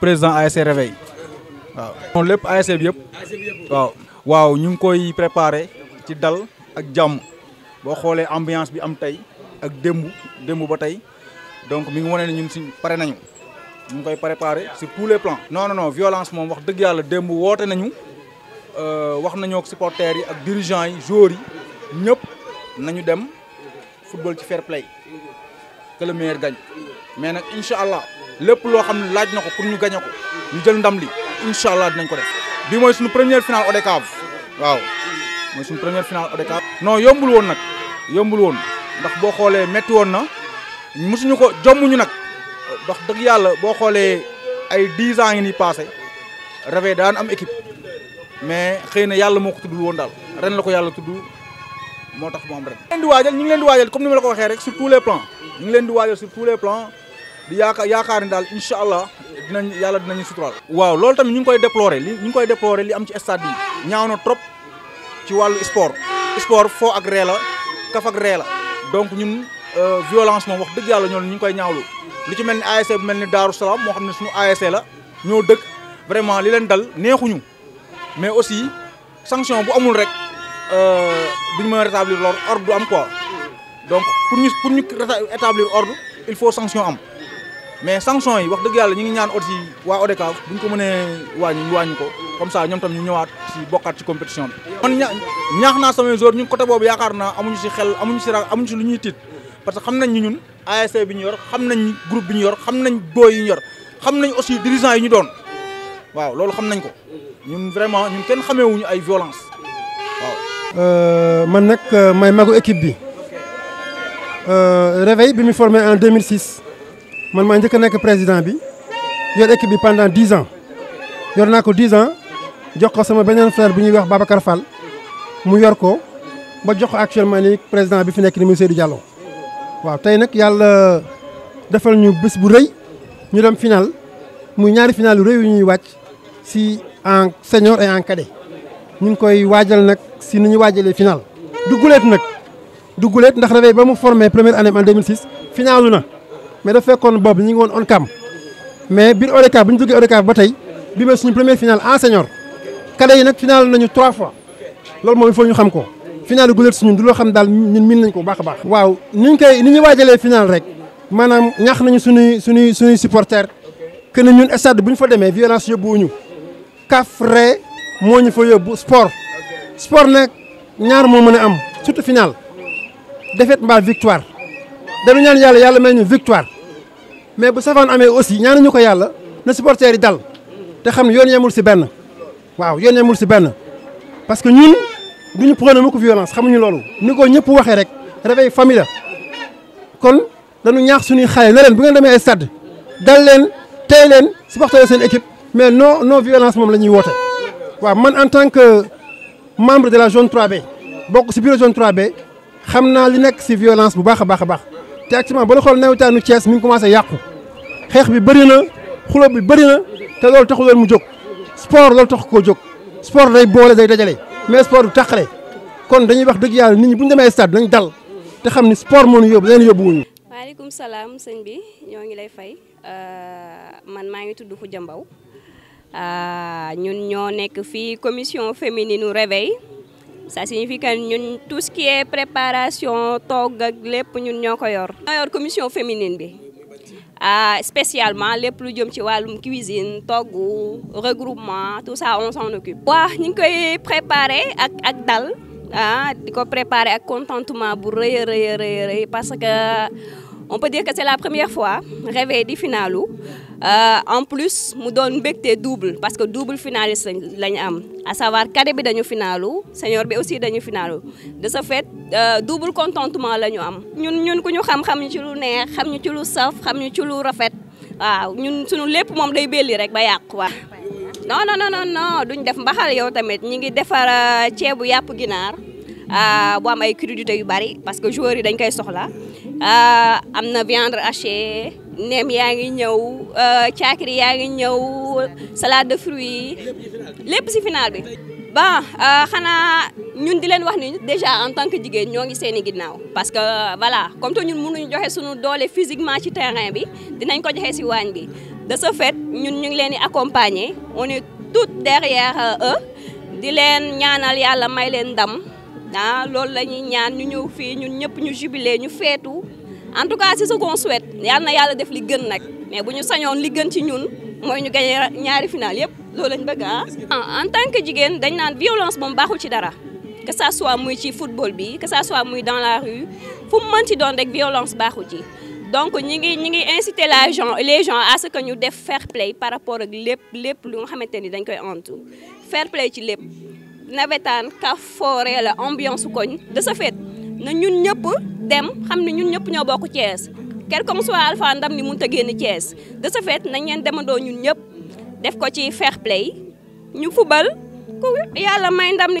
président ASC Réveil waaw. moom lépp ASC bi yëpp waaw. waaw ñu ngi koy préparé ci dal ak jàmm boo xoolee ambiance bi am tey ak démb démb ba tey donc mi ngi wane ne ñun si pare nañu ñu ngi koy préparé si tous les plans. non non non violence moom wax dëgg yàlla démb woote nañu euh, wax nañoo ak yi ak dirigeants yi joueurs yi ñëpp nañu dem football ci fair play que le mais nag incha allah. lépp loo xam ne laaj na ko pour ñu gañe ko ñu jël ndam li incha allah dinañ ko def bi mooy suñu première finale ODCAV waaw mooy suñu première finale ODCAV non yombul woon nag yombul woon ndax boo xoolee métti woon na mosuñu ko jommuñu nag ndax dëgg yàlla boo xoolee ay dix ans yi ni passé Réveil daan am équipe mais xëy na yàlla moo ko tuddul woon daal ren la ko yàlla tudd moo tax mu am ñu leen di waajal comme ni ma la ko rek sur tous les plans di yaakaar yaakaar ni daal incha allah dinañ yàlla dinañu suturaal. waaw loolu tamit ñu ngi koy déplorer li ñu koy déplorer li am ci stade bi ñaaw na trop ci wàllu sport sport foo ak ree la kaf ak ree la donc ñun euh, violence moom wax dëgg yàlla ñoom ñu ngi koy ñaawlu li ci mel ni ASC bu mel ni Darou Salaam moo xam ne suñu ASC la ñoo dëgg vraiment li leen dal neexuñu mais aussi sanction bu amul rek euh, duñ mën a rétablir l'ordre du am quoi donc pour ñu pour ñu rétablir ordre il faut sanction am. mais sanction yi wax dëgg yàlla ñu ngi ñaan aussi waa ODCAV bu ñu ko mënee wàññi ñu wàññi ko comme ça ñoom tam ñu ñëwaat ci bokkaat ci compétition bi. man ñaax naa samay joueurs ñu côté boobu yaakaar na amuñu si xel amuñu si ra amuñu ci lu ñuy tiit parce que xam nañ ñun ASC bi ñu yor xam nañ groupe bi ñu yor xam nañ booy yi ñu yor xam nañ aussi dirigeant yi ñu doon waaw loolu xam nañ ko ñun vraiment ñun kenn xameewuñu ay violence euh, man nag euh, may magu équipe bi euh, réveil bi mu formé en 2006. man maa njëkk a nekk président bi yor équipe bi pendant dix ans yor naa ko dix ans jox ko sama beneen frère bu ñuy wax Babacar fal mu yor ko ba jox ko actuellement ni président bi fi nekk ni muy Seydou jaloo waaw tey nag yàlla defal ñu bés bu rëy ñu dem final muy ñaari final yu rëy yu ñuy wàcc si en senior et en ñu ngi koy waajal nag si ni ñu waajalee final. du guleet nag du guleet ndax réveil ba mu formé première année en 2006 finalu na. mais dafa fekkoon boobu ñu ngi woon ONCAM mais biir ODCAV bu ñu jógee ODCAV ba tey bi mooy suñu première finale en senior kale yi nag final nañu trois fois loolu moom il faut ñu xam ko final guléet suñu du loo xam daal ñun miin nañ ko bu baax a baax. waaw ni ñu koy ni ñu waajalee final rek maanaam ñax nañu suñuy suñuy suñuy supporters que ne ñun stade bu ñu fa demee violence yóbbuwuñu kafre moo ñu fa yóbbu sport sport nag ñaar moo mën a am surtout final défaite mbaa dañu ñaan yàlla yàlla may ñu victoire mais bu safaan amee aussi ñaanuñu ko yàlla na supporters yi dal te xam ne yoon yemul si benn waaw yoon yemul si benn parce que ñun duñu prôné mukk violence xamuñu loolu ni ko ñëpp waxee rek réveil famille kon dañu ñaax suñuy xale na leen bu ngeen demee stade dal leen tey leen supporter seen équipe mais non non violence moom la ñuy woote waaw man en tant que membre de la zone 3B bokk si bureau zone 3 xam naa li nekk si violence bu baax a baax a baax te actuellement ba la xool nawetaanu Thiès mi ngi commencé yàqu xeex bi bëri na xuloo bi bëri na te loolu taxu loolu mu jóg sport loolu tax koo jóg sport day boole day dajale mais sport du tàqale kon dañuy wax dëgg yàlla nit ñi bu ñu demee stade nañ dal te xam ni sport moo ñu yóbbu leen yóbbu wuñu maaleykum salaam sëñ bi ñoo ngi lay fay euh, man maa ngi tudd Khoudia Mbaw euh, ñun ñoo nekk fii commission féminine u ça signifie que ñun tout ce qui est préparation togg ak lépp ñun ñoo ko yor. ñoo yor commission féminine bi ah spécialement lépp lu jëm ci wàllum cuisine togg regroupement tout ça on s'en occupe. waaw ñu ngi koy préparer ak ak dal ah di ko préparer ak contentement bu rëy a rëy a parce que. on peut dire que c'est la première fois Réveil di finalu euh, en plus mu doon mbégte double parce que double finaliste lañu am à savoir cadet bi dañu finalu senior bi aussi dañu finalu de ce fait euh, double contentement la ñu am ñun ñun ku ñu xam-xam ñu ci lu neex xam ñu ci lu saf xam ñu ci lu rafet waaw ñun suñu lépp moom day belli rek ba yàqu waa non non non non duñ def mbaxal yow tamit ñi ngi defar euh, ceebu yàpp ginaar Euh, bu am ay crudités yu bari parce que joueurs yi dañ koy soxla euh, am na viande hachée neem yaa ngi ñëw euh, caakiri yaa ngi ñëw salade de fruits lépp si final bi. bon xanaa ñun di leen wax ni déjà en tant que jigéen ñoo ngi seen i ginnaaw parce que voilà comme te ñun mun mënuñu joxe suñu doole physiquement ci terrain bi dinañ ko joxe si waañ bi de ce fait ñun ñu ngi leen di accompagner on est tout derrière eux di leen ñaanal yàlla may leen ndam. ah loolu la ñuy ñaan ñu ñëw fii ñun ñëpp ñu jubilé ñu feetu en tout cas c'est ce qu'on souhaite na yàlla def li gën nag mais bu ñu sañoon li gën ci ñun mooy ñu gagné ñaari final yëpp loolu lañ bëgg ah en tant que jigéen dañ naan violence moom baaxul ci dara que ça soit muy ci football bi que ça soit muy dans la rue fu mu doon rek violence baaxul ci donc ñi ngi ñi ngi inciter la gens les gens à ce que ñu def fair play par rapport ak lépp lépp lu ma xamante ni dañ koy antu fair ci lépp nawetaan kaf foore la ambiance koñ de ce na ñun ñëpp dem xam ne ñun ñëpp ñoo bokk Thiès quel comme soit Alpha Ndam ni mënut a génn Thiès de ce fait nañ leen demandoo ñun ñëpp def ko ci fair play ñu fubal ku yàlla may ndam